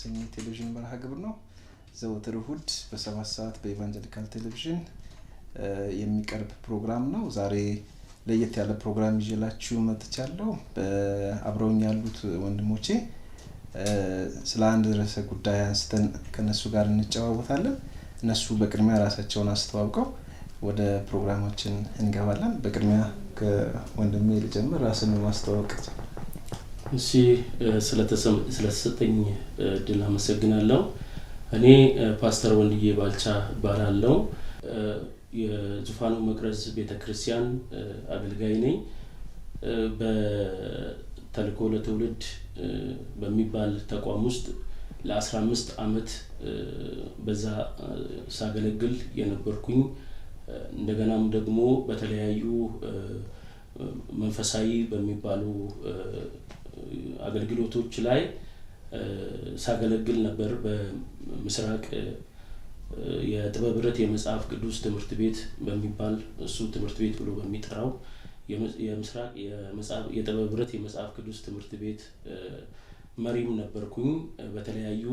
ሰኝ ቴሌቪዥን መርሃ ግብር ነው። ዘወትር እሁድ በሰባት ሰዓት በኢቫንጀሊካል ቴሌቪዥን የሚቀርብ ፕሮግራም ነው። ዛሬ ለየት ያለ ፕሮግራም ይዤላችሁ መጥቻለሁ። አብረውኝ ያሉት ወንድሞቼ ስለ አንድ ርዕሰ ጉዳይ አንስተን ከነሱ ጋር እንጨዋወታለን። እነሱ በቅድሚያ ራሳቸውን አስተዋውቀው ወደ ፕሮግራማችን እንገባለን። በቅድሚያ ከወንድሜ ልጀምር። ራስን ማስተዋወቅ እሺ ስለተሰጠኝ እድል አመሰግናለሁ። እኔ ፓስተር ወንድዬ ባልቻ እባላለሁ። የዙፋኑ መቅረዝ ቤተ ክርስቲያን አገልጋይ ነኝ። በተልኮ ለትውልድ በሚባል ተቋም ውስጥ ለ አምስት አመት በዛ ሳገለግል የነበርኩኝ እንደገናም ደግሞ በተለያዩ መንፈሳዊ በሚባሉ አገልግሎቶች ላይ ሳገለግል ነበር። በምስራቅ የጥበብ ኅብረት የመጽሐፍ ቅዱስ ትምህርት ቤት በሚባል እሱ ትምህርት ቤት ብሎ በሚጠራው የምስራቅ የጥበብ ኅብረት የመጽሐፍ ቅዱስ ትምህርት ቤት መሪም ነበርኩኝ። በተለያዩ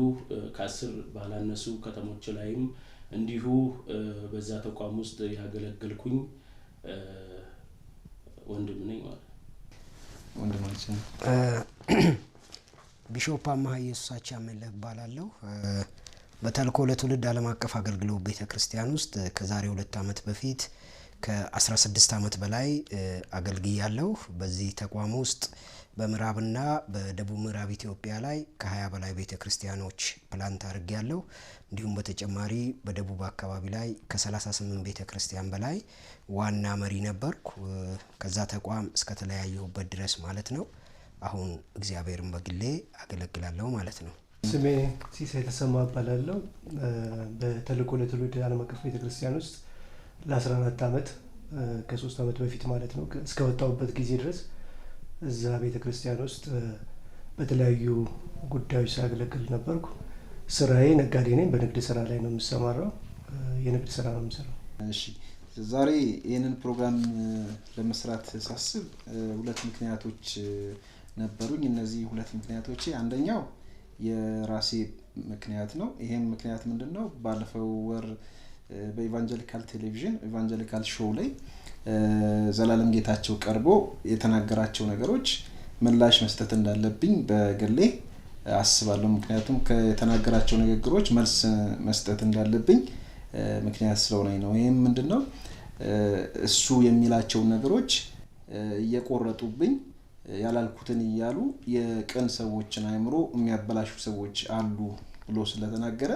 ከአስር ባላነሱ ከተሞች ላይም እንዲሁ በዛ ተቋም ውስጥ ያገለገልኩኝ ወንድም ነኝ ማለት ነው። ወንድማችን ቢሾፕ አማሀ ኢየሱስ አቻምየለህ እባላለሁ። በተልእኮ ለትውልድ ዓለም አቀፍ አገልግሎት ቤተ ክርስቲያን ውስጥ ከዛሬ ሁለት ዓመት በፊት ከ16 ዓመት በላይ አገልግያለሁ። በዚህ ተቋም ውስጥ በምዕራብና በደቡብ ምዕራብ ኢትዮጵያ ላይ ከ20 በላይ ቤተ ክርስቲያኖች ፕላንት አድርጌያለሁ። እንዲሁም በተጨማሪ በደቡብ አካባቢ ላይ ከ38 ቤተ ክርስቲያን በላይ ዋና መሪ ነበርኩ። ከዛ ተቋም እስከተለያየሁበት ድረስ ማለት ነው። አሁን እግዚአብሔርን በግሌ አገለግላለሁ ማለት ነው። ስሜ ሲሳይ ተሰማ እባላለሁ። በተልእኮ ለትውልድ ዓለም አቀፍ ቤተክርስቲያን ውስጥ ለ14 ዓመት ከሶስት ዓመት በፊት ማለት ነው እስከወጣሁበት ጊዜ ድረስ እዛ ቤተ ክርስቲያን ውስጥ በተለያዩ ጉዳዮች ሳገለግል ነበርኩ። ስራዬ ነጋዴ ነኝ። በንግድ ስራ ላይ ነው የምሰማራው። የንግድ ስራ ነው የምሰራው። እሺ፣ ዛሬ ይህንን ፕሮግራም ለመስራት ሳስብ ሁለት ምክንያቶች ነበሩኝ። እነዚህ ሁለት ምክንያቶች አንደኛው የራሴ ምክንያት ነው። ይሄም ምክንያት ምንድን ነው? ባለፈው ወር በኢቫንጀሊካል ቴሌቪዥን ኢቫንጀሊካል ሾው ላይ ዘላለም ጌታቸው ቀርቦ የተናገራቸው ነገሮች ምላሽ መስጠት እንዳለብኝ በግሌ አስባለሁ። ምክንያቱም ከተናገራቸው ንግግሮች መልስ መስጠት እንዳለብኝ ምክንያት ስለሆነኝ ነው። ይህም ምንድን ነው እሱ የሚላቸውን ነገሮች እየቆረጡብኝ ያላልኩትን እያሉ የቅን ሰዎችን አይምሮ የሚያበላሹ ሰዎች አሉ ብሎ ስለተናገረ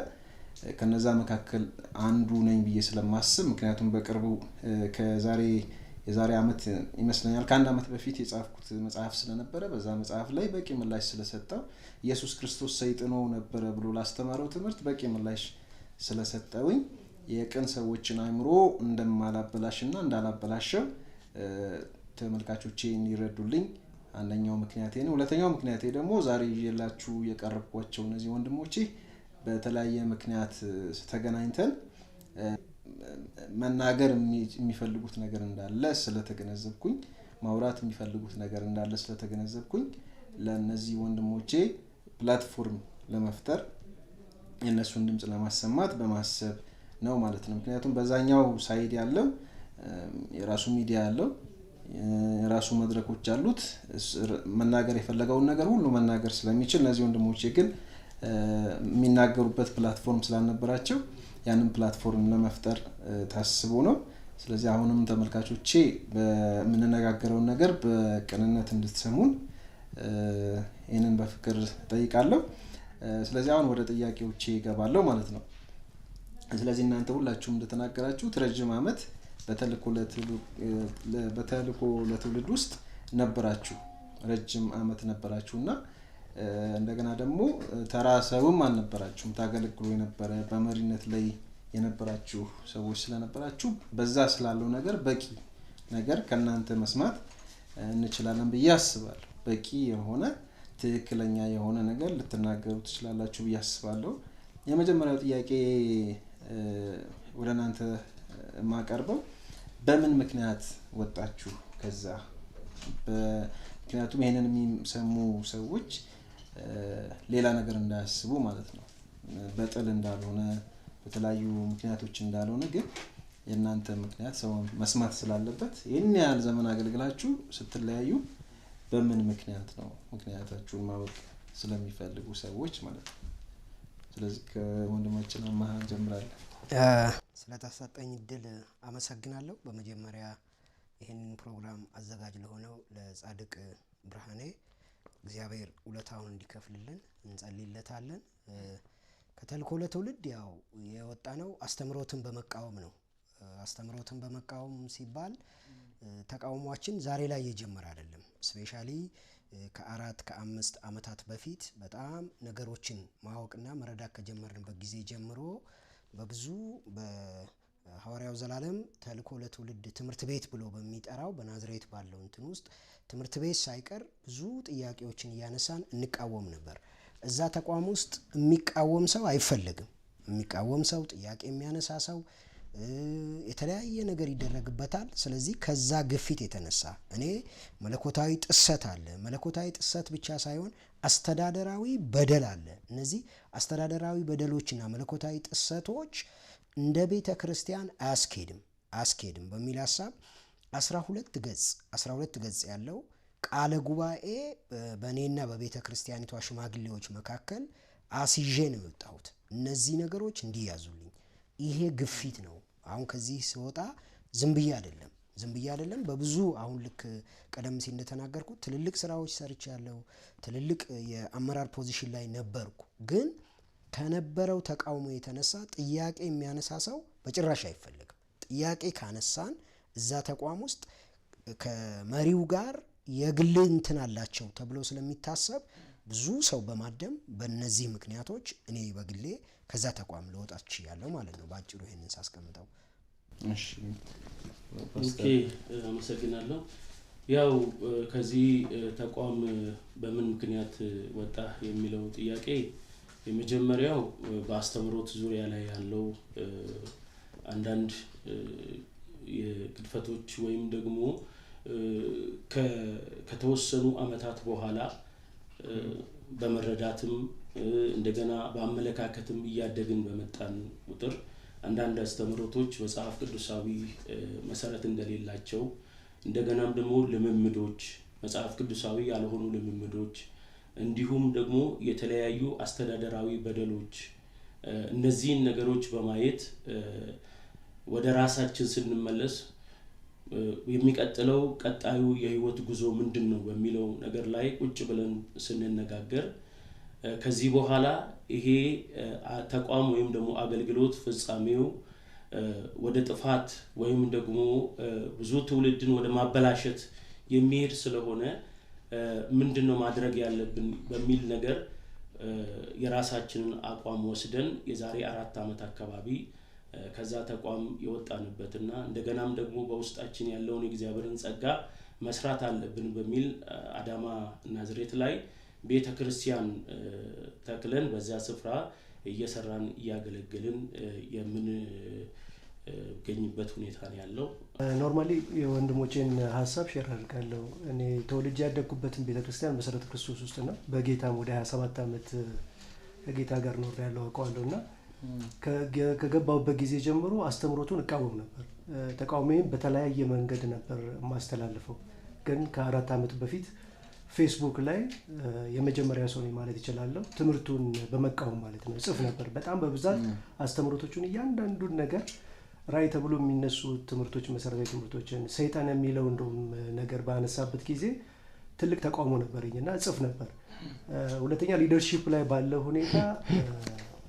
ከነዛ መካከል አንዱ ነኝ ብዬ ስለማስብ ምክንያቱም በቅርቡ ከዛሬ የዛሬ ዓመት ይመስለኛል ከአንድ ዓመት በፊት የጻፍኩት መጽሐፍ ስለነበረ በዛ መጽሐፍ ላይ በቂ ምላሽ ስለሰጠው ኢየሱስ ክርስቶስ ሰይጥኖ ነበረ ብሎ ላስተማረው ትምህርት በቂ ምላሽ ስለሰጠውኝ የቅን ሰዎችን እንደማላበላሽ እንደማላበላሽና እንዳላበላሸው ተመልካቾቼ እንዲረዱልኝ አንደኛው ምክንያቴ ነው። ሁለተኛው ምክንያቴ ደግሞ ዛሬ ላችሁ የቀረብኳቸው እነዚህ ወንድሞቼ በተለያየ ምክንያት ተገናኝተን መናገር የሚፈልጉት ነገር እንዳለ ስለተገነዘብኩኝ ማውራት የሚፈልጉት ነገር እንዳለ ስለተገነዘብኩኝ ለእነዚህ ወንድሞቼ ፕላትፎርም ለመፍጠር የእነሱን ድምፅ ለማሰማት በማሰብ ነው ማለት ነው። ምክንያቱም በዛኛው ሳይድ ያለው የራሱ ሚዲያ ያለው የራሱ መድረኮች አሉት መናገር የፈለገውን ነገር ሁሉ መናገር ስለሚችል እነዚህ ወንድሞቼ ግን የሚናገሩበት ፕላትፎርም ስላልነበራቸው ያንን ፕላትፎርም ለመፍጠር ታስቦ ነው። ስለዚህ አሁንም ተመልካቾቼ በምንነጋገረውን ነገር በቅንነት እንድትሰሙን ይህንን በፍቅር ጠይቃለሁ። ስለዚህ አሁን ወደ ጥያቄዎቼ ይገባለሁ ማለት ነው። ስለዚህ እናንተ ሁላችሁም እንደተናገራችሁት ረጅም አመት በተልኮ ለትውልድ ውስጥ ነበራችሁ፣ ረጅም አመት ነበራችሁ እና እንደገና ደግሞ ተራ ሰውም አልነበራችሁም። ታገለግሎ የነበረ በመሪነት ላይ የነበራችሁ ሰዎች ስለነበራችሁ በዛ ስላለው ነገር በቂ ነገር ከእናንተ መስማት እንችላለን ብዬ አስባለሁ። በቂ የሆነ ትክክለኛ የሆነ ነገር ልትናገሩ ትችላላችሁ ብዬ አስባለሁ። የመጀመሪያው ጥያቄ ወደ እናንተ የማቀርበው በምን ምክንያት ወጣችሁ ከዛ? ምክንያቱም ይህንን የሚሰሙ ሰዎች ሌላ ነገር እንዳያስቡ ማለት ነው። በጥል እንዳልሆነ በተለያዩ ምክንያቶች እንዳልሆነ ግን የእናንተ ምክንያት ሰውን መስማት ስላለበት ይህን ያህል ዘመን አገልግላችሁ ስትለያዩ በምን ምክንያት ነው ምክንያታችሁን ማወቅ ስለሚፈልጉ ሰዎች ማለት ነው። ስለዚህ ከወንድማችን አማሃ ጀምራለን ስለተሰጠኝ እድል አመሰግናለሁ። በመጀመሪያ ይህንን ፕሮግራም አዘጋጅ ለሆነው ለጻድቅ ብርሃኔ እግዚአብሔር ውለታውን እንዲከፍልልን እንጸልይለታለን። ከተልእኮ ለትውልድ ያው የወጣ ነው አስተምሮትን በመቃወም ነው። አስተምሮትን በመቃወም ሲባል ተቃውሟችን ዛሬ ላይ የጀመረ አይደለም። ስፔሻሊ ከአራት ከአምስት ዓመታት በፊት በጣም ነገሮችን ማወቅና መረዳት ከጀመርንበት ጊዜ ጀምሮ በብዙ ሐዋርያው ዘላለም ተልኮ ለትውልድ ትምህርት ቤት ብሎ በሚጠራው በናዝሬት ባለው እንትን ውስጥ ትምህርት ቤት ሳይቀር ብዙ ጥያቄዎችን እያነሳን እንቃወም ነበር። እዛ ተቋም ውስጥ የሚቃወም ሰው አይፈለግም። የሚቃወም ሰው፣ ጥያቄ የሚያነሳ ሰው የተለያየ ነገር ይደረግበታል። ስለዚህ ከዛ ግፊት የተነሳ እኔ መለኮታዊ ጥሰት አለ፣ መለኮታዊ ጥሰት ብቻ ሳይሆን አስተዳደራዊ በደል አለ። እነዚህ አስተዳደራዊ በደሎችና መለኮታዊ ጥሰቶች እንደ ቤተ ክርስቲያን አያስኬድም አያስኬድም በሚል ሀሳብ 12 ገጽ 12 ገጽ ያለው ቃለ ጉባኤ በእኔና በቤተ ክርስቲያኒቷ ሽማግሌዎች መካከል አስይዤ ነው የወጣሁት። እነዚህ ነገሮች እንዲያዙልኝ ይሄ ግፊት ነው። አሁን ከዚህ ስወጣ ዝም ብዬ አይደለም ዝም ብዬ አይደለም። በብዙ አሁን ልክ ቀደም ሲል እንደተናገርኩት ትልልቅ ስራዎች ሰርቻለሁ። ትልልቅ የአመራር ፖዚሽን ላይ ነበርኩ ግን ከነበረው ተቃውሞ የተነሳ ጥያቄ የሚያነሳ ሰው በጭራሽ አይፈልግም። ጥያቄ ካነሳን እዛ ተቋም ውስጥ ከመሪው ጋር የግል እንትን አላቸው ተብሎ ስለሚታሰብ ብዙ ሰው በማደም በእነዚህ ምክንያቶች እኔ በግሌ ከዛ ተቋም ልወጣ ችያለሁ ማለት ነው። በአጭሩ ይህንን ሳስቀምጠው። አመሰግናለሁ። ያው ከዚህ ተቋም በምን ምክንያት ወጣ የሚለው ጥያቄ የመጀመሪያው በአስተምሮት ዙሪያ ላይ ያለው አንዳንድ የግድፈቶች ወይም ደግሞ ከተወሰኑ አመታት በኋላ በመረዳትም እንደገና በአመለካከትም እያደግን በመጣን ቁጥር አንዳንድ አስተምሮቶች መጽሐፍ ቅዱሳዊ መሰረት እንደሌላቸው እንደገናም ደግሞ ልምምዶች መጽሐፍ ቅዱሳዊ ያልሆኑ ልምምዶች እንዲሁም ደግሞ የተለያዩ አስተዳደራዊ በደሎች እነዚህን ነገሮች በማየት ወደ ራሳችን ስንመለስ የሚቀጥለው ቀጣዩ የህይወት ጉዞ ምንድን ነው በሚለው ነገር ላይ ቁጭ ብለን ስንነጋገር ከዚህ በኋላ ይሄ ተቋም ወይም ደግሞ አገልግሎት ፍጻሜው ወደ ጥፋት ወይም ደግሞ ብዙ ትውልድን ወደ ማበላሸት የሚሄድ ስለሆነ ምንድን ነው ማድረግ ያለብን በሚል ነገር የራሳችንን አቋም ወስደን የዛሬ አራት ዓመት አካባቢ ከዛ ተቋም የወጣንበትና እንደገናም ደግሞ በውስጣችን ያለውን የእግዚአብሔርን ጸጋ መስራት አለብን በሚል አዳማ ናዝሬት ላይ ቤተ ክርስቲያን ተክለን በዚያ ስፍራ እየሰራን እያገለገልን የምንገኝበት ሁኔታ ነው ያለው። ኖርማሊ የወንድሞቼን ሀሳብ ሼር አድርጋለሁ። እኔ ተወልጄ ያደግኩበትን ቤተክርስቲያን መሰረተ ክርስቶስ ውስጥ ነው። በጌታም ወደ 27 ዓመት ከጌታ ጋር ኖር ያለው አውቀዋለሁ እና ከገባሁበት ጊዜ ጀምሮ አስተምሮቱን እቃወም ነበር። ተቃውሞዬም በተለያየ መንገድ ነበር የማስተላልፈው። ግን ከአራት ዓመት በፊት ፌስቡክ ላይ የመጀመሪያ ሰው ማለት ይችላለሁ፣ ትምህርቱን በመቃወም ማለት ነው። ጽፍ ነበር በጣም በብዛት አስተምሮቶቹን እያንዳንዱን ነገር ራይ ተብሎ የሚነሱ ትምህርቶች መሰረታዊ ትምህርቶችን ሰይጣን የሚለው እንደውም ነገር ባነሳበት ጊዜ ትልቅ ተቃውሞ ነበረኝ እና እጽፍ ነበር። ሁለተኛ ሊደርሺፕ ላይ ባለው ሁኔታ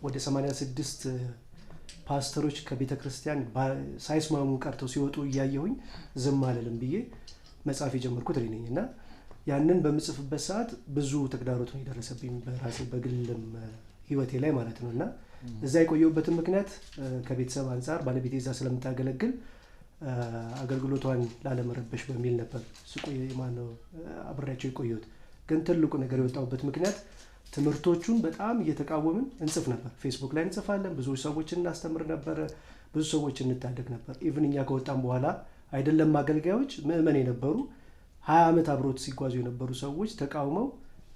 ወደ 86 ፓስተሮች ከቤተ ክርስቲያን ሳይስማሙ ቀርተው ሲወጡ እያየሁኝ ዝም አልልም ብዬ መጽሐፍ የጀመርኩት እኔ ነኝ እና ያንን በምጽፍበት ሰዓት ብዙ ተግዳሮት ነው የደረሰብኝ በራሴ በግልም ህይወቴ ላይ ማለት ነው እና እዛ የቆየሁበትን ምክንያት ከቤተሰብ አንጻር ባለቤቴ እዛ ስለምታገለግል አገልግሎቷን ላለመረበሽ በሚል ነበር ስቆይ ማነው አብሬያቸው የቆየሁት። ግን ትልቁ ነገር የወጣሁበት ምክንያት ትምህርቶቹን በጣም እየተቃወምን እንጽፍ ነበር። ፌስቡክ ላይ እንጽፋለን፣ ብዙ ሰዎች እናስተምር ነበረ፣ ብዙ ሰዎች እንታደግ ነበር። ኢቭን እኛ ከወጣም በኋላ አይደለም አገልጋዮች ምእመን የነበሩ ሀያ ዓመት አብሮት ሲጓዙ የነበሩ ሰዎች ተቃውመው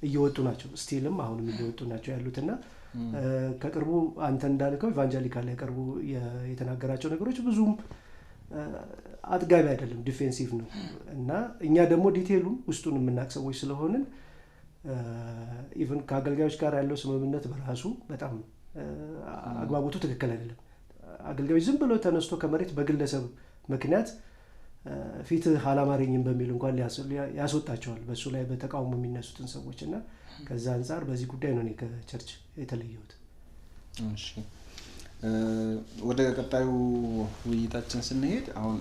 እየወጡ ናቸው። ስቲልም አሁንም እየወጡ ናቸው ያሉትና ከቅርቡ አንተ እንዳልከው ኢቫንጀሊካል ላይ ቅርቡ የተናገራቸው ነገሮች ብዙም አጥጋቢ አይደለም፣ ዲፌንሲቭ ነው እና እኛ ደግሞ ዲቴሉን ውስጡን የምናቅ ሰዎች ስለሆንን ኢቨን ከአገልጋዮች ጋር ያለው ስምምነት በራሱ በጣም አግባቦቱ ትክክል አይደለም። አገልጋዮች ዝም ብሎ ተነስቶ ከመሬት በግለሰብ ምክንያት ፊትህ አላማረኝም በሚል እንኳን ያስወጣቸዋል። በእሱ ላይ በተቃውሞ የሚነሱትን ሰዎች እና ከዛ አንጻር በዚህ ጉዳይ ነው እኔ ከቸርች የተለየሁት። ወደ ቀጣዩ ውይይታችን ስንሄድ አሁን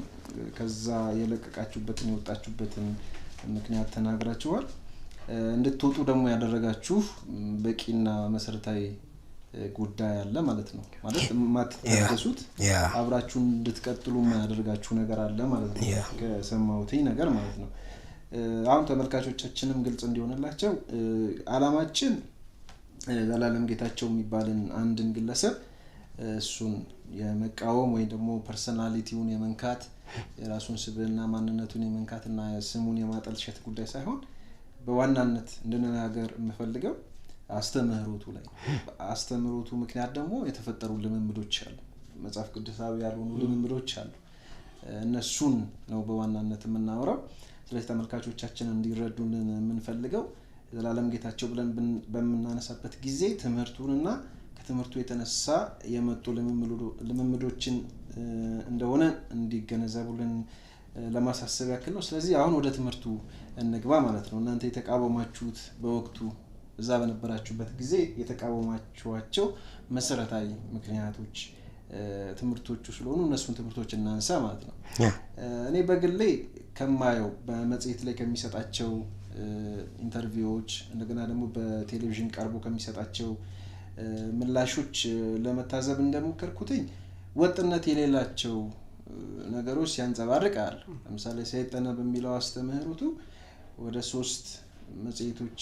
ከዛ የለቀቃችሁበትን የወጣችሁበትን ምክንያት ተናግራችኋል። እንድትወጡ ደግሞ ያደረጋችሁ በቂና መሰረታዊ ጉዳይ አለ ማለት ነው። ማለት የማትታገሱት አብራችሁ እንድትቀጥሉ የማያደርጋችሁ ነገር አለ ማለት ነው። ከሰማሁትኝ ነገር ማለት ነው። አሁን ተመልካቾቻችንም ግልጽ እንዲሆንላቸው አላማችን ዘላለም ጌታቸው የሚባልን አንድን ግለሰብ እሱን የመቃወም ወይም ደግሞ ፐርሰናሊቲውን የመንካት የራሱን ስብዕና ማንነቱን የመንካትና ስሙን የማጠልሸት ጉዳይ ሳይሆን በዋናነት እንድንናገር የምፈልገው አስተምህሮቱ ላይ አስተምህሮቱ ምክንያት ደግሞ የተፈጠሩ ልምምዶች አሉ፣ መጽሐፍ ቅዱሳዊ ያልሆኑ ልምምዶች አሉ። እነሱን ነው በዋናነት የምናውረው ስለዚህ ተመልካቾቻችን እንዲረዱን የምንፈልገው ዘላለም ጌታቸው ብለን በምናነሳበት ጊዜ ትምህርቱንና ከትምህርቱ የተነሳ የመጡ ልምምዶችን እንደሆነ እንዲገነዘቡልን ለማሳሰብ ያክል ነው። ስለዚህ አሁን ወደ ትምህርቱ እንግባ ማለት ነው። እናንተ የተቃወማችሁት በወቅቱ እዛ በነበራችሁበት ጊዜ የተቃወማችኋቸው መሰረታዊ ምክንያቶች ትምህርቶቹ ስለሆኑ እነሱን ትምህርቶች እናንሳ ማለት ነው። እኔ በግሌ ከማየው በመጽሄት ላይ ከሚሰጣቸው ኢንተርቪዎች እንደገና ደግሞ በቴሌቪዥን ቀርቦ ከሚሰጣቸው ምላሾች ለመታዘብ እንደሞከርኩትኝ ወጥነት የሌላቸው ነገሮች ያንጸባርቃል። ለምሳሌ ሰይጠነ በሚለው አስተምህሮቱ ወደ ሶስት መጽሔቶች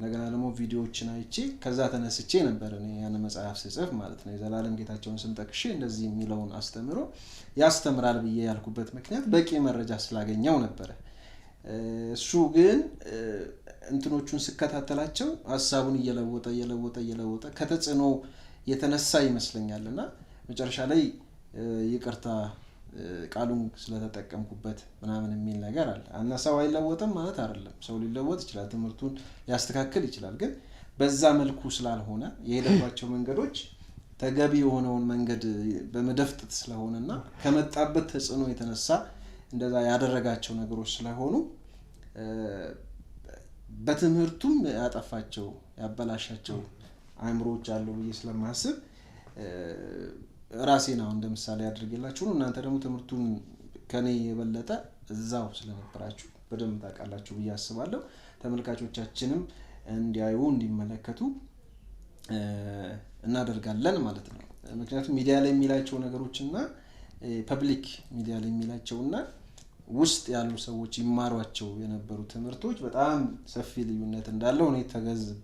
እንደገና ደግሞ ቪዲዮዎችን አይቼ ከዛ ተነስቼ ነበር ያን መጽሐፍ ስጽፍ ማለት ነው። የዘላለም ጌታቸውን ስም እንደዚህ የሚለውን አስተምሮ ያስተምራል ብዬ ያልኩበት ምክንያት በቂ መረጃ ስላገኘው ነበረ። እሱ ግን እንትኖቹን ስከታተላቸው ሀሳቡን እየለወጠ እየለወጠ እየለወጠ ከተጽዕኖ የተነሳ ይመስለኛል እና መጨረሻ ላይ ይቅርታ ቃሉን ስለተጠቀምኩበት ምናምን የሚል ነገር አለ እና ሰው አይለወጥም ማለት አይደለም። ሰው ሊለወጥ ይችላል፣ ትምህርቱን ሊያስተካክል ይችላል። ግን በዛ መልኩ ስላልሆነ የሄደባቸው መንገዶች ተገቢ የሆነውን መንገድ በመደፍጠት ስለሆነና ከመጣበት ተጽዕኖ የተነሳ እንደዛ ያደረጋቸው ነገሮች ስለሆኑ በትምህርቱም ያጠፋቸው ያበላሻቸው አእምሮዎች አሉ ብዬ ስለማስብ ራሴን አሁን እንደ ምሳሌ አድርጌላችሁ ነው። እናንተ ደግሞ ትምህርቱን ከኔ የበለጠ እዛው ስለነበራችሁ በደንብ ታውቃላችሁ ብዬ አስባለሁ። ተመልካቾቻችንም እንዲያዩ እንዲመለከቱ እናደርጋለን ማለት ነው። ምክንያቱም ሚዲያ ላይ የሚላቸው ነገሮች እና ፐብሊክ ሚዲያ ላይ የሚላቸው እና ውስጥ ያሉ ሰዎች ይማሯቸው የነበሩ ትምህርቶች በጣም ሰፊ ልዩነት እንዳለው እኔ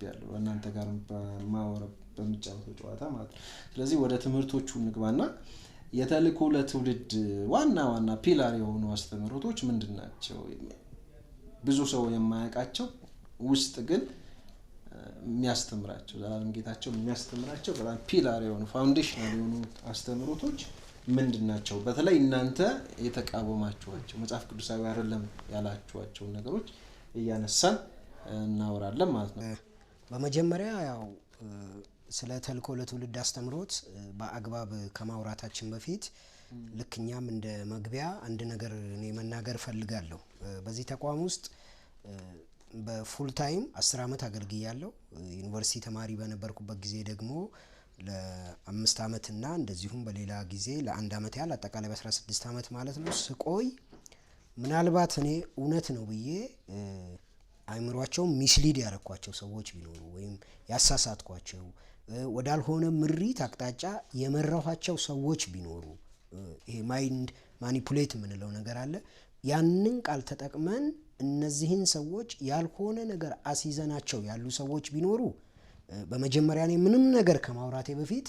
ያለው እናንተ ጋር በማወረብ በሚጫወተው ጨዋታ ማለት ነው። ስለዚህ ወደ ትምህርቶቹ እንግባና የተልእኮ ለትውልድ ዋና ዋና ፒላር የሆኑ አስተምህሮቶች ምንድን ናቸው? ብዙ ሰው የማያውቃቸው ውስጥ ግን የሚያስተምራቸው ዘላለም ጌታቸው የሚያስተምራቸው በጣም ፒላር የሆኑ ፋውንዴሽናል የሆኑ አስተምህሮቶች ምንድን ናቸው? በተለይ እናንተ የተቃወማችኋቸው መጽሐፍ ቅዱሳዊ አይደለም ያላችኋቸውን ነገሮች እያነሳን እናወራለን ማለት ነው። በመጀመሪያ ያው ስለ ተልእኮ ለትውልድ አስተምሮት በአግባብ ከማውራታችን በፊት ልክ እኛም እንደ መግቢያ አንድ ነገር እኔ መናገር እፈልጋለሁ። በዚህ ተቋም ውስጥ በፉል ታይም አስር ዓመት አገልግያለሁ። ዩኒቨርሲቲ ተማሪ በነበርኩበት ጊዜ ደግሞ ለአምስት ዓመትና እንደዚሁም በሌላ ጊዜ ለአንድ ዓመት ያህል አጠቃላይ በ16 ዓመት ማለት ነው ስቆይ ምናልባት እኔ እውነት ነው ብዬ አይምሯቸው ሚስሊድ ያረኳቸው ሰዎች ቢኖሩ ወይም ያሳሳትኳቸው ወዳልሆነ ምሪት አቅጣጫ የመራኋቸው ሰዎች ቢኖሩ ይሄ ማይንድ ማኒፑሌት የምንለው ነገር አለ። ያንን ቃል ተጠቅመን እነዚህን ሰዎች ያልሆነ ነገር አስይዘናቸው ያሉ ሰዎች ቢኖሩ በመጀመሪያ እኔ ምንም ነገር ከማውራቴ በፊት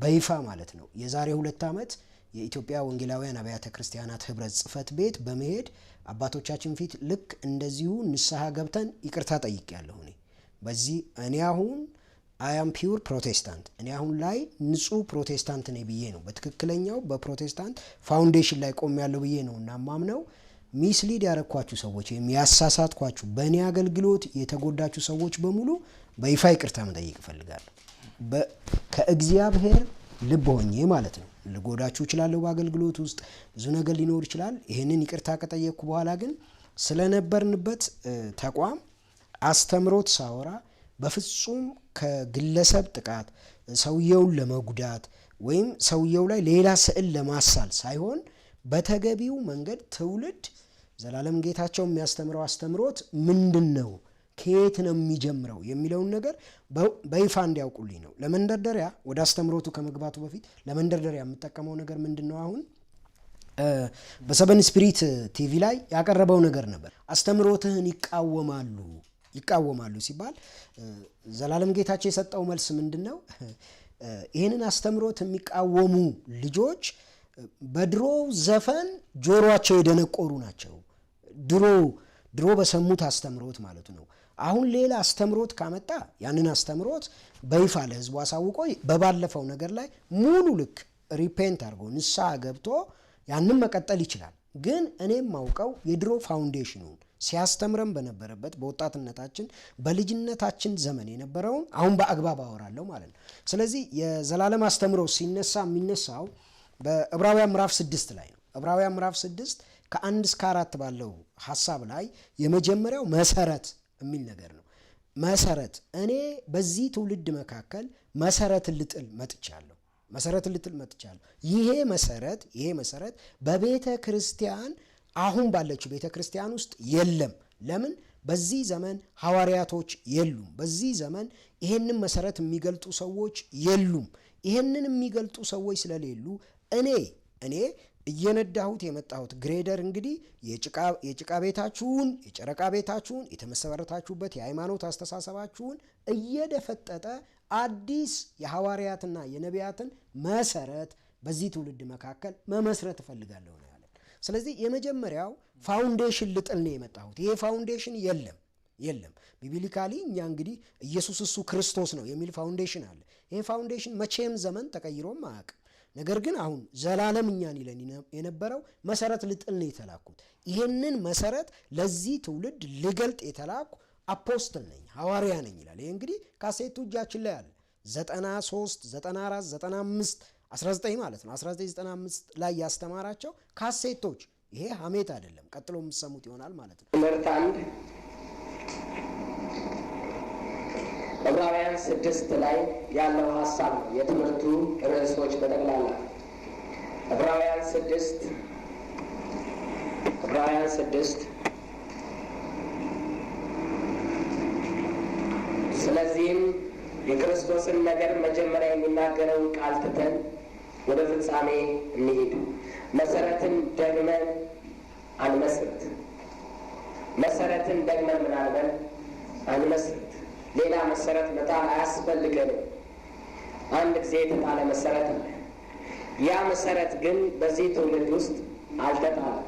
በይፋ ማለት ነው የዛሬ ሁለት ዓመት የኢትዮጵያ ወንጌላውያን አብያተ ክርስቲያናት ህብረት ጽህፈት ቤት በመሄድ አባቶቻችን ፊት ልክ እንደዚሁ ንስሐ ገብተን ይቅርታ ጠይቄያለሁ። እኔ በዚህ እኔ አሁን አያም ፒውር ፕሮቴስታንት እኔ አሁን ላይ ንጹህ ፕሮቴስታንት ነኝ ብዬ ነው በትክክለኛው በፕሮቴስታንት ፋውንዴሽን ላይ ቆም ያለው ብዬ ነው እና ማምነው ሚስሊድ ያረኳችሁ ሰዎች ወይም ያሳሳትኳችሁ በእኔ አገልግሎት የተጎዳችሁ ሰዎች በሙሉ በይፋ ይቅርታ መጠየቅ እፈልጋለሁ። ከእግዚአብሔር ልብ ሆኜ ማለት ነው። ልጎዳችሁ እችላለሁ። በአገልግሎት ውስጥ ብዙ ነገር ሊኖር ይችላል። ይህንን ይቅርታ ከጠየቅኩ በኋላ ግን ስለነበርንበት ተቋም አስተምሮት ሳወራ በፍጹም ከግለሰብ ጥቃት ሰውየውን ለመጉዳት ወይም ሰውየው ላይ ሌላ ስዕል ለማሳል ሳይሆን በተገቢው መንገድ ትውልድ ዘላለም ጌታቸው የሚያስተምረው አስተምሮት ምንድን ነው፣ ከየት ነው የሚጀምረው የሚለውን ነገር በይፋ እንዲያውቁልኝ ነው። ለመንደርደሪያ ወደ አስተምሮቱ ከመግባቱ በፊት ለመንደርደሪያ የምጠቀመው ነገር ምንድን ነው? አሁን በሰበን ስፒሪት ቲቪ ላይ ያቀረበው ነገር ነበር። አስተምሮትህን ይቃወማሉ ይቃወማሉ ሲባል ዘላለም ጌታቸው የሰጠው መልስ ምንድን ነው? ይህንን አስተምሮት የሚቃወሙ ልጆች በድሮው ዘፈን ጆሮቸው የደነቆሩ ናቸው። ድሮ ድሮ በሰሙት አስተምሮት ማለት ነው። አሁን ሌላ አስተምሮት ካመጣ ያንን አስተምሮት በይፋ ለሕዝቡ አሳውቆ በባለፈው ነገር ላይ ሙሉ ልክ ሪፔንት አድርጎ ንስሐ ገብቶ ያንን መቀጠል ይችላል። ግን እኔም ማውቀው የድሮ ፋውንዴሽኑን ሲያስተምረን በነበረበት በወጣትነታችን በልጅነታችን ዘመን የነበረውን አሁን በአግባብ አወራለሁ ማለት ነው። ስለዚህ የዘላለም አስተምሮ ሲነሳ የሚነሳው በዕብራውያን ምዕራፍ ስድስት ላይ ነው። ዕብራውያን ምዕራፍ ስድስት ከአንድ እስከ አራት ባለው ሀሳብ ላይ የመጀመሪያው መሰረት የሚል ነገር ነው። መሰረት እኔ በዚህ ትውልድ መካከል መሰረት ልጥል መጥቻለሁ መሰረት ልጥል መጥቻለሁ። ይሄ መሰረት ይሄ መሰረት በቤተ ክርስቲያን አሁን ባለችው ቤተ ክርስቲያን ውስጥ የለም። ለምን? በዚህ ዘመን ሐዋርያቶች የሉም። በዚህ ዘመን ይሄንን መሰረት የሚገልጡ ሰዎች የሉም። ይሄንን የሚገልጡ ሰዎች ስለሌሉ እኔ እኔ እየነዳሁት የመጣሁት ግሬደር እንግዲህ የጭቃ ቤታችሁን የጨረቃ ቤታችሁን የተመሰረታችሁበት የሃይማኖት አስተሳሰባችሁን እየደፈጠጠ አዲስ የሐዋርያትና የነቢያትን መሰረት በዚህ ትውልድ መካከል መመስረት እፈልጋለሁ ነው። ስለዚህ የመጀመሪያው ፋውንዴሽን ልጥል ነው የመጣሁት። ይሄ ፋውንዴሽን የለም የለም ቢቢሊካሊ እኛ እንግዲህ ኢየሱስ እሱ ክርስቶስ ነው የሚል ፋውንዴሽን አለ። ይሄ ፋውንዴሽን መቼም ዘመን ተቀይሮም አያውቅም። ነገር ግን አሁን ዘላለም እኛን ይለን የነበረው መሰረት ልጥል ነው የተላኩት። ይህንን መሰረት ለዚህ ትውልድ ልገልጥ የተላኩ አፖስትል ነኝ ሐዋርያ ነኝ ይላል። ይህ እንግዲህ ካሴቱ እጃችን ላይ አለ 93 94 95 19 ማለት ነው 1995 ላይ ያስተማራቸው ካሴቶች ይሄ ሀሜት አይደለም። ቀጥሎ የምትሰሙት ይሆናል ማለት ነው። ትምህርት አንድ ዕብራውያን ስድስት ላይ ያለው ሀሳብ ነው የትምህርቱ ርዕሶች በጠቅላላ ዕብራውያን ስድስት ዕብራውያን ስድስት ስለዚህም የክርስቶስን ነገር መጀመሪያ የሚናገረውን ቃል ትተን ወደ ፍጻሜ እንሄድ። መሰረትን ደግመን አንመስርት። መሰረትን ደግመን ምናልበን አንመስርት። ሌላ መሰረት መጣል አያስፈልገንም። አንድ ጊዜ የተጣለ መሰረት አለ። ያ መሰረት ግን በዚህ ትውልድ ውስጥ አልተጣለም።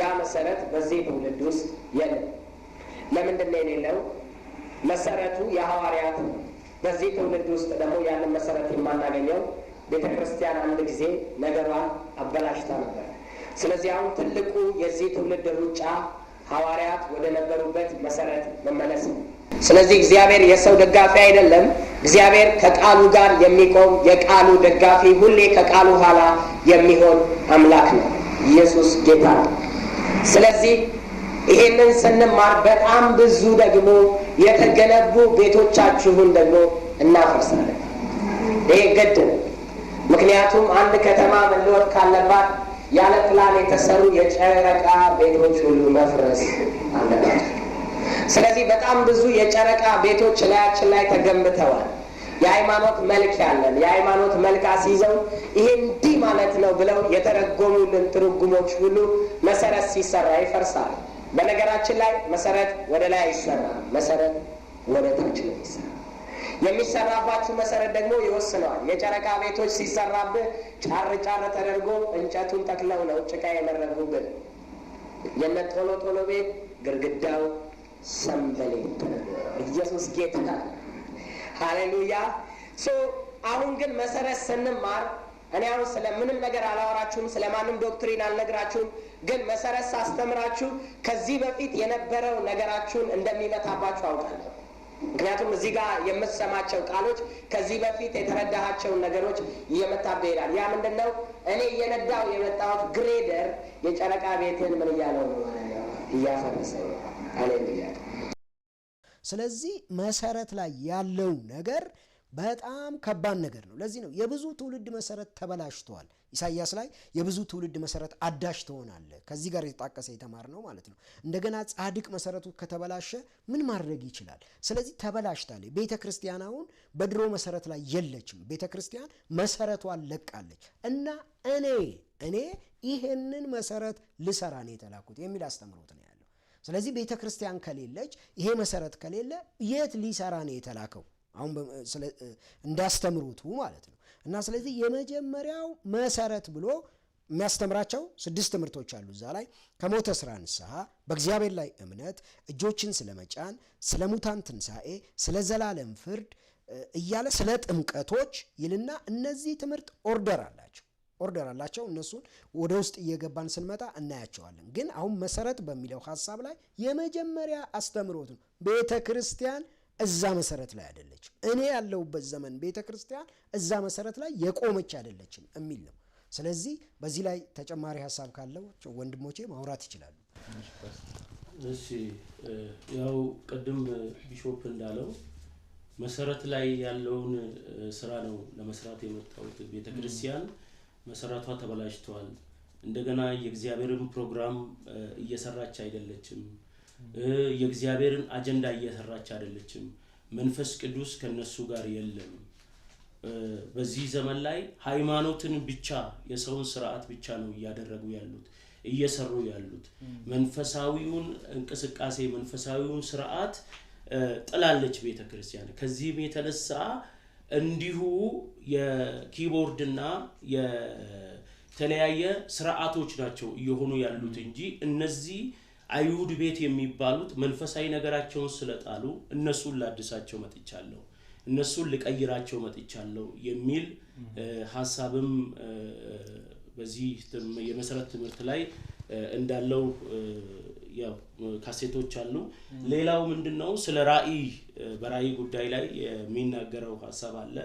ያ መሰረት በዚህ ትውልድ ውስጥ የለም። ለምንድን ነው የሌለው? መሰረቱ የሐዋርያት ነው። በዚህ ትውልድ ውስጥ ደግሞ ያንን መሰረት የማናገኘው ቤተ ክርስቲያን አንድ ጊዜ ነገሯን አበላሽታ ነበር። ስለዚህ አሁን ትልቁ የዚህ ትውልድ ሩጫ ሐዋርያት ወደ ነበሩበት መሰረት መመለስ ነው። ስለዚህ እግዚአብሔር የሰው ደጋፊ አይደለም። እግዚአብሔር ከቃሉ ጋር የሚቆም የቃሉ ደጋፊ፣ ሁሌ ከቃሉ ኋላ የሚሆን አምላክ ነው። ኢየሱስ ጌታ ነው። ስለዚህ ይሄንን ስንማር በጣም ብዙ ደግሞ የተገነቡ ቤቶቻችሁን ደግሞ እናፈርሳለን። ይሄ ግድ ነው። ምክንያቱም አንድ ከተማ መለወጥ ካለባት ያለ ፕላን የተሰሩ የጨረቃ ቤቶች ሁሉ መፍረስ አለባቸው። ስለዚህ በጣም ብዙ የጨረቃ ቤቶች ላያችን ላይ ተገንብተዋል። የሃይማኖት መልክ ያለን የሃይማኖት መልክ አስይዘው ይሄ እንዲህ ማለት ነው ብለው የተረጎሙልን ትርጉሞች ሁሉ መሰረት ሲሰራ ይፈርሳል። በነገራችን ላይ መሰረት ወደ ላይ አይሰራም፣ መሰረት ወደ ታች ነው ይሰራ የሚሰራባችሁ መሰረት ደግሞ ይወስነዋል። የጨረቃ ቤቶች ሲሰራብህ ጫር ጫር ተደርጎ እንጨቱን ተክለው ነው ጭቃ የመረጉብን። የነ ቶሎ ቶሎ ቤት ግርግዳው ሰንበሌ ኢየሱስ ጌታ ሃሌሉያ። አሁን ግን መሰረት ስንማር እኔ አሁን ስለምንም ነገር አላወራችሁም፣ ስለማንም ዶክትሪን አልነግራችሁም። ግን መሰረት ሳስተምራችሁ ከዚህ በፊት የነበረው ነገራችሁን እንደሚመታባችሁ አውቃለሁ። ምክንያቱም እዚህ ጋር የምትሰማቸው ቃሎች ከዚህ በፊት የተረዳሃቸውን ነገሮች እየመታብህ ይላል ያ ምንድን ነው? እኔ እየነዳው የመጣሁት ግሬደር የጨረቃ ቤትን ምን እያለው ነው? እያፈረሰ አሌሉያ። ስለዚህ መሰረት ላይ ያለው ነገር በጣም ከባድ ነገር ነው። ለዚህ ነው የብዙ ትውልድ መሰረት ተበላሽተዋል። ኢሳያስ ላይ የብዙ ትውልድ መሰረት አዳሽ ትሆናለ ከዚህ ጋር የተጣቀሰ የተማር ነው ማለት ነው። እንደገና ጻድቅ መሰረቱ ከተበላሸ ምን ማድረግ ይችላል? ስለዚህ ተበላሽታለ። ቤተ ክርስቲያን አሁን በድሮ መሰረት ላይ የለችም። ቤተ ክርስቲያን መሰረቷን ለቃለች እና እኔ እኔ ይሄንን መሰረት ልሰራ ነው የተላኩት የሚል አስተምሮት ነው ያለው። ስለዚህ ቤተ ክርስቲያን ከሌለች፣ ይሄ መሰረት ከሌለ የት ሊሰራ ነው የተላከው? አሁን እንዳስተምሩቱ ማለት ነው። እና ስለዚህ የመጀመሪያው መሰረት ብሎ የሚያስተምራቸው ስድስት ትምህርቶች አሉ እዛ ላይ ከሞተ ስራ ንስሐ፣ በእግዚአብሔር ላይ እምነት፣ እጆችን ስለመጫን፣ ስለ ሙታን ትንሣኤ፣ ስለ ዘላለም ፍርድ እያለ ስለ ጥምቀቶች ይልና እነዚህ ትምህርት ኦርደር አላቸው ኦርደር አላቸው። እነሱን ወደ ውስጥ እየገባን ስንመጣ እናያቸዋለን። ግን አሁን መሰረት በሚለው ሀሳብ ላይ የመጀመሪያ አስተምሮት ነው ቤተ ክርስቲያን እዛ መሰረት ላይ አይደለችም። እኔ ያለሁበት ዘመን ቤተ ክርስቲያን እዛ መሰረት ላይ የቆመች አይደለችም የሚል ነው። ስለዚህ በዚህ ላይ ተጨማሪ ሀሳብ ካለው ወንድሞቼ ማውራት ይችላሉ። እሺ፣ ያው ቅድም ቢሾፕ እንዳለው መሰረት ላይ ያለውን ስራ ነው ለመስራት የመጣሁት። ቤተ ክርስቲያን መሰረቷ ተበላሽተዋል። እንደገና የእግዚአብሔርን ፕሮግራም እየሰራች አይደለችም የእግዚአብሔርን አጀንዳ እየሰራች አይደለችም። መንፈስ ቅዱስ ከነሱ ጋር የለም። በዚህ ዘመን ላይ ሃይማኖትን ብቻ የሰውን ስርዓት ብቻ ነው እያደረጉ ያሉት እየሰሩ ያሉት። መንፈሳዊውን እንቅስቃሴ መንፈሳዊውን ስርዓት ጥላለች ቤተ ክርስቲያን። ከዚህም የተነሳ እንዲሁ የኪቦርድና የተለያየ ስርዓቶች ናቸው እየሆኑ ያሉት እንጂ እነዚህ አይሁድ ቤት የሚባሉት መንፈሳዊ ነገራቸውን ስለጣሉ እነሱን ላድሳቸው መጥቻለሁ፣ እነሱን ልቀይራቸው መጥቻለሁ የሚል ሀሳብም በዚህ የመሰረት ትምህርት ላይ እንዳለው ካሴቶች አሉ። ሌላው ምንድን ነው? ስለ ራእይ በራእይ ጉዳይ ላይ የሚናገረው ሀሳብ አለ።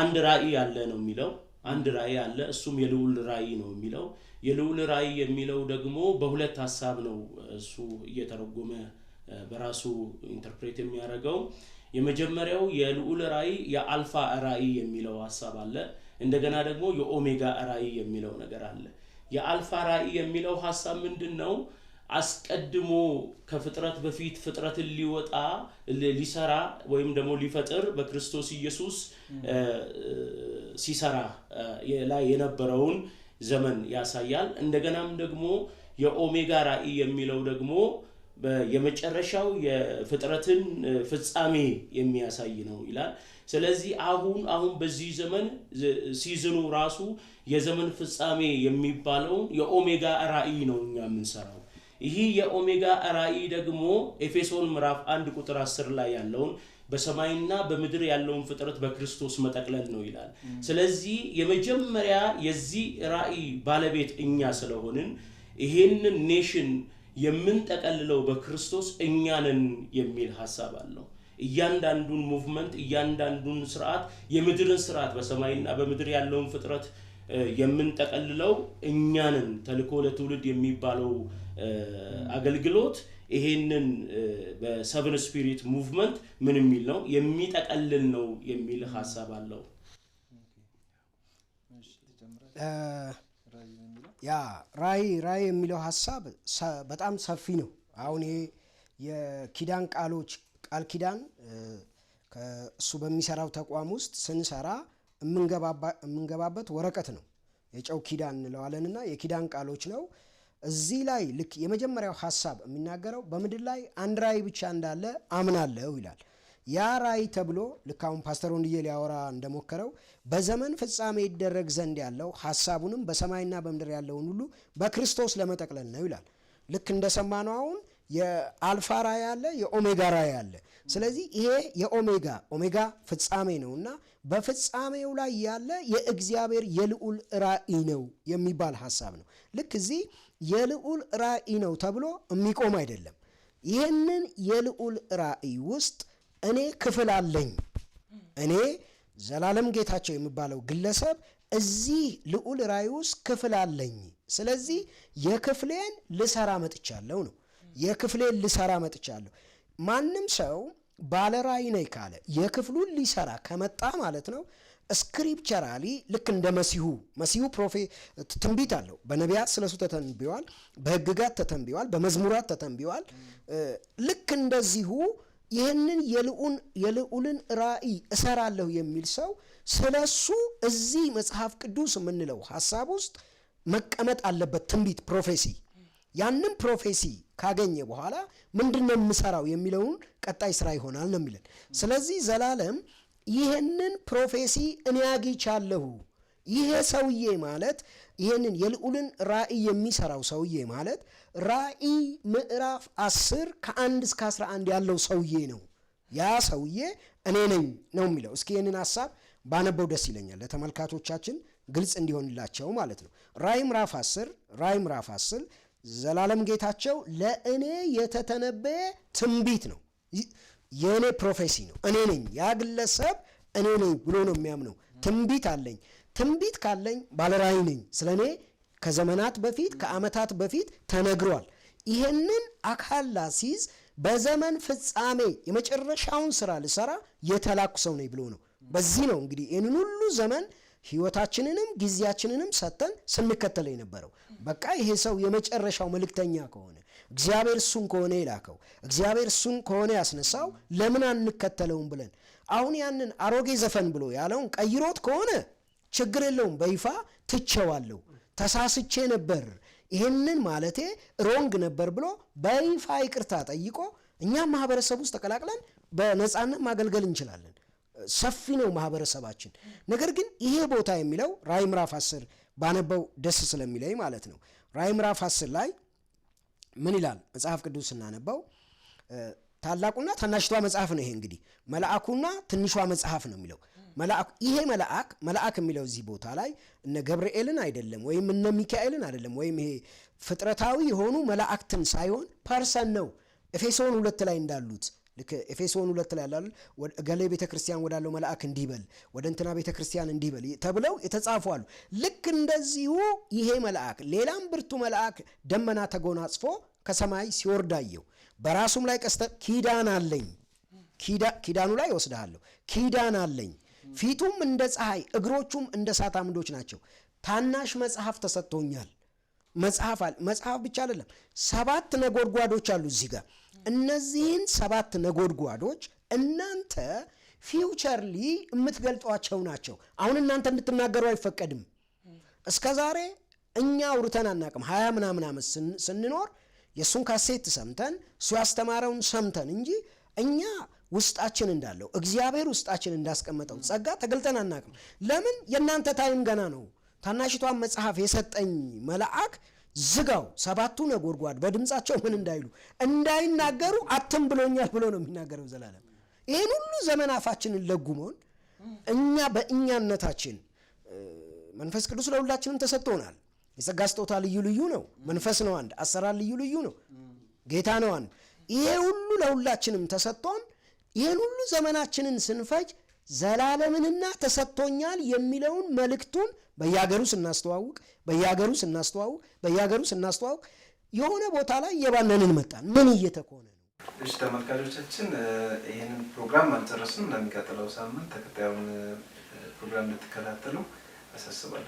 አንድ ራእይ አለ ነው የሚለው። አንድ ራእይ አለ፣ እሱም የልውል ራእይ ነው የሚለው የልዑል ራእይ የሚለው ደግሞ በሁለት ሀሳብ ነው እሱ እየተረጎመ በራሱ ኢንተርፕሬት የሚያደርገው። የመጀመሪያው የልዑል ራእይ የአልፋ ራእይ የሚለው ሀሳብ አለ። እንደገና ደግሞ የኦሜጋ ራእይ የሚለው ነገር አለ። የአልፋ ራእይ የሚለው ሀሳብ ምንድን ነው? አስቀድሞ ከፍጥረት በፊት ፍጥረትን ሊወጣ ሊሰራ ወይም ደግሞ ሊፈጥር በክርስቶስ ኢየሱስ ሲሰራ ላይ የነበረውን ዘመን ያሳያል። እንደገናም ደግሞ የኦሜጋ ራእይ የሚለው ደግሞ የመጨረሻው የፍጥረትን ፍጻሜ የሚያሳይ ነው ይላል። ስለዚህ አሁን አሁን በዚህ ዘመን ሲዝኑ ራሱ የዘመን ፍጻሜ የሚባለውን የኦሜጋ ራእይ ነው እኛ የምንሰራው። ይህ የኦሜጋ ራእይ ደግሞ ኤፌሶን ምዕራፍ አንድ ቁጥር አስር ላይ ያለውን በሰማይና በምድር ያለውን ፍጥረት በክርስቶስ መጠቅለል ነው ይላል። ስለዚህ የመጀመሪያ የዚህ ራዕይ ባለቤት እኛ ስለሆንን ይሄንን ኔሽን የምንጠቀልለው በክርስቶስ እኛንን የሚል ሀሳብ አለው። እያንዳንዱን ሙቭመንት፣ እያንዳንዱን ስርዓት፣ የምድርን ስርዓት በሰማይና በምድር ያለውን ፍጥረት የምንጠቀልለው እኛንን ተልእኮ ለትውልድ የሚባለው አገልግሎት ይሄንን በሰብን ስፒሪት ሙቭመንት ምን የሚል ነው የሚጠቀልል ነው የሚል ሀሳብ አለው። ያ ራይ ራይ የሚለው ሀሳብ በጣም ሰፊ ነው። አሁን ይሄ የኪዳን ቃሎች ቃል ኪዳን እሱ በሚሰራው ተቋም ውስጥ ስንሰራ የምንገባበት ወረቀት ነው። የጨው ኪዳን እንለዋለንና የኪዳን ቃሎች ነው። እዚህ ላይ ልክ የመጀመሪያው ሀሳብ የሚናገረው በምድር ላይ አንድ ራእይ ብቻ እንዳለ አምናለሁ ይላል። ያ ራእይ ተብሎ ልክ አሁን ፓስተር ወንድዬ ሊያወራ እንደሞከረው በዘመን ፍጻሜ ይደረግ ዘንድ ያለው ሀሳቡንም በሰማይና በምድር ያለውን ሁሉ በክርስቶስ ለመጠቅለል ነው ይላል። ልክ እንደሰማነው አሁን የአልፋ ራእይ አለ፣ የኦሜጋ ራእይ አለ። ስለዚህ ይሄ የኦሜጋ ኦሜጋ ፍጻሜ ነው እና በፍጻሜው ላይ ያለ የእግዚአብሔር የልዑል ራእይ ነው የሚባል ሀሳብ ነው። ልክ እዚህ የልዑል ራእይ ነው ተብሎ የሚቆም አይደለም። ይህንን የልዑል ራእይ ውስጥ እኔ ክፍል አለኝ። እኔ ዘላለም ጌታቸው የሚባለው ግለሰብ እዚህ ልዑል ራእይ ውስጥ ክፍል አለኝ። ስለዚህ የክፍሌን ልሰራ መጥቻለሁ ነው የክፍሌን ልሰራ መጥቻለሁ። ማንም ሰው ባለራዕይ ነኝ ካለ የክፍሉን ሊሰራ ከመጣ ማለት ነው። ስክሪፕቸራሊ ልክ እንደ መሲሁ መሲሁ ፕሮፌ ትንቢት አለው። በነቢያት ስለሱ ተተንቢዋል፣ በህግጋት ተተንቢዋል፣ በመዝሙራት ተተንቢዋል። ልክ እንደዚሁ ይህንን የልዑልን ራእይ እሰራለሁ የሚል ሰው ስለ እዚህ መጽሐፍ ቅዱስ የምንለው ሀሳብ ውስጥ መቀመጥ አለበት። ትንቢት ፕሮፌሲ ያንን ፕሮፌሲ ካገኘ በኋላ ምንድን ነው የምሰራው የሚለውን ቀጣይ ስራ ይሆናል ነው የሚለን። ስለዚህ ዘላለም ይህንን ፕሮፌሲ እኔ አግኝቻለሁ። ይሄ ሰውዬ ማለት ይህንን የልዑልን ራእይ የሚሰራው ሰውዬ ማለት ራእይ ምዕራፍ አስር ከአንድ እስከ አስራ አንድ ያለው ሰውዬ ነው። ያ ሰውዬ እኔ ነኝ ነው የሚለው። እስኪ ይህንን ሀሳብ ባነበው ደስ ይለኛል፣ ለተመልካቾቻችን ግልጽ እንዲሆንላቸው ማለት ነው። ራእይ ምዕራፍ 10 ራእይ ምዕራፍ 10 ዘላለም ጌታቸው ለእኔ የተተነበየ ትንቢት ነው። የእኔ ፕሮፌሲ ነው። እኔ ነኝ ያ ግለሰብ እኔ ነኝ ብሎ ነው የሚያምነው። ትንቢት አለኝ። ትንቢት ካለኝ ባለራእይ ነኝ። ስለ እኔ ከዘመናት በፊት ከዓመታት በፊት ተነግሯል። ይህንን አካል ላሲዝ በዘመን ፍጻሜ የመጨረሻውን ስራ ልሰራ የተላኩ ሰው ነኝ ብሎ ነው። በዚህ ነው እንግዲህ ይህንን ሁሉ ዘመን ህይወታችንንም ጊዜያችንንም ሰጥተን ስንከተለ የነበረው በቃ ይሄ ሰው የመጨረሻው መልእክተኛ ከሆነ እግዚአብሔር እሱን ከሆነ የላከው እግዚአብሔር እሱን ከሆነ ያስነሳው ለምን አንከተለውም ብለን አሁን ያንን አሮጌ ዘፈን ብሎ ያለውን ቀይሮት ከሆነ ችግር የለውም በይፋ ትቸዋለሁ ተሳስቼ ነበር ይህንን ማለቴ ሮንግ ነበር ብሎ በይፋ ይቅርታ ጠይቆ እኛም ማህበረሰብ ውስጥ ተቀላቅለን በነፃነት ማገልገል እንችላለን ሰፊ ነው ማህበረሰባችን። ነገር ግን ይሄ ቦታ የሚለው ራዕይ ምዕራፍ አስር ባነበው ደስ ስለሚለኝ ማለት ነው። ራዕይ ምዕራፍ አስር ላይ ምን ይላል መጽሐፍ ቅዱስ ስናነበው ታላቁና ታናሽቷ መጽሐፍ ነው። ይሄ እንግዲህ መልአኩና ትንሿ መጽሐፍ ነው የሚለው ይሄ መልአክ መልአክ የሚለው እዚህ ቦታ ላይ እነ ገብርኤልን አይደለም ወይም እነ ሚካኤልን አይደለም ወይም ይሄ ፍጥረታዊ የሆኑ መላእክትን ሳይሆን ፐርሰን ነው። ኤፌሶን ሁለት ላይ እንዳሉት ልክ ኤፌሶን ሁለት ላይ ያላል እገሌ ቤተ ክርስቲያን ወዳለው መልአክ እንዲህ በል፣ ወደ እንትና ቤተ ክርስቲያን እንዲህ በል ተብለው የተጻፉ አሉ። ልክ እንደዚሁ ይሄ መልአክ ሌላም ብርቱ መልአክ ደመና ተጎናጽፎ ከሰማይ ሲወርድ አየሁ። በራሱም ላይ ቀስተ ኪዳን አለኝ፣ ኪዳኑ ላይ ወስድሃለሁ፣ ኪዳን አለኝ። ፊቱም እንደ ፀሐይ እግሮቹም እንደ እሳት አምዶች ናቸው። ታናሽ መጽሐፍ ተሰጥቶኛል። መጽሐፍ ብቻ አይደለም፣ ሰባት ነጎድጓዶች አሉ እዚህ ጋር እነዚህን ሰባት ነጎድጓዶች እናንተ ፊውቸርሊ የምትገልጧቸው ናቸው። አሁን እናንተ እንድትናገሩ አይፈቀድም። እስከ ዛሬ እኛ አውርተን አናቅም። ሀያ ምናምን ዓመት ስንኖር የእሱን ካሴት ሰምተን እሱ ያስተማረውን ሰምተን እንጂ እኛ ውስጣችን እንዳለው እግዚአብሔር ውስጣችን እንዳስቀመጠው ጸጋ ተገልጠን አናቅም። ለምን? የእናንተ ታይም ገና ነው። ታናሽቷን መጽሐፍ የሰጠኝ መልአክ ዝጋው፣ ሰባቱ ነጎድጓድ በድምፃቸው ምን እንዳይሉ እንዳይናገሩ አትም ብሎኛል ብሎ ነው የሚናገረው ዘላለም። ይህን ሁሉ ዘመን አፋችንን ለጉመን እኛ በእኛነታችን መንፈስ ቅዱስ ለሁላችንም ተሰጥቶናል። የጸጋ ስጦታ ልዩ ልዩ ነው። መንፈስ ነው አንድ፣ አሰራር ልዩ ልዩ ነው። ጌታ ነው አንድ። ይሄ ሁሉ ለሁላችንም ተሰጥቶን ይህን ሁሉ ዘመናችንን ስንፈጅ ዘላለምንና ተሰጥቶኛል የሚለውን መልእክቱን በየሀገሩ ስናስተዋውቅ በየሀገሩ ስናስተዋውቅ በየሀገሩ ስናስተዋውቅ የሆነ ቦታ ላይ እየባነንን መጣን። ምን እየተኮነ ነው? እሺ ተመልካቾቻችን፣ ይህንን ፕሮግራም አልጨረስም። እንደሚቀጥለው ሳምንት ተከታዩን ፕሮግራም እንድትከታተሉ አሳስባለሁ።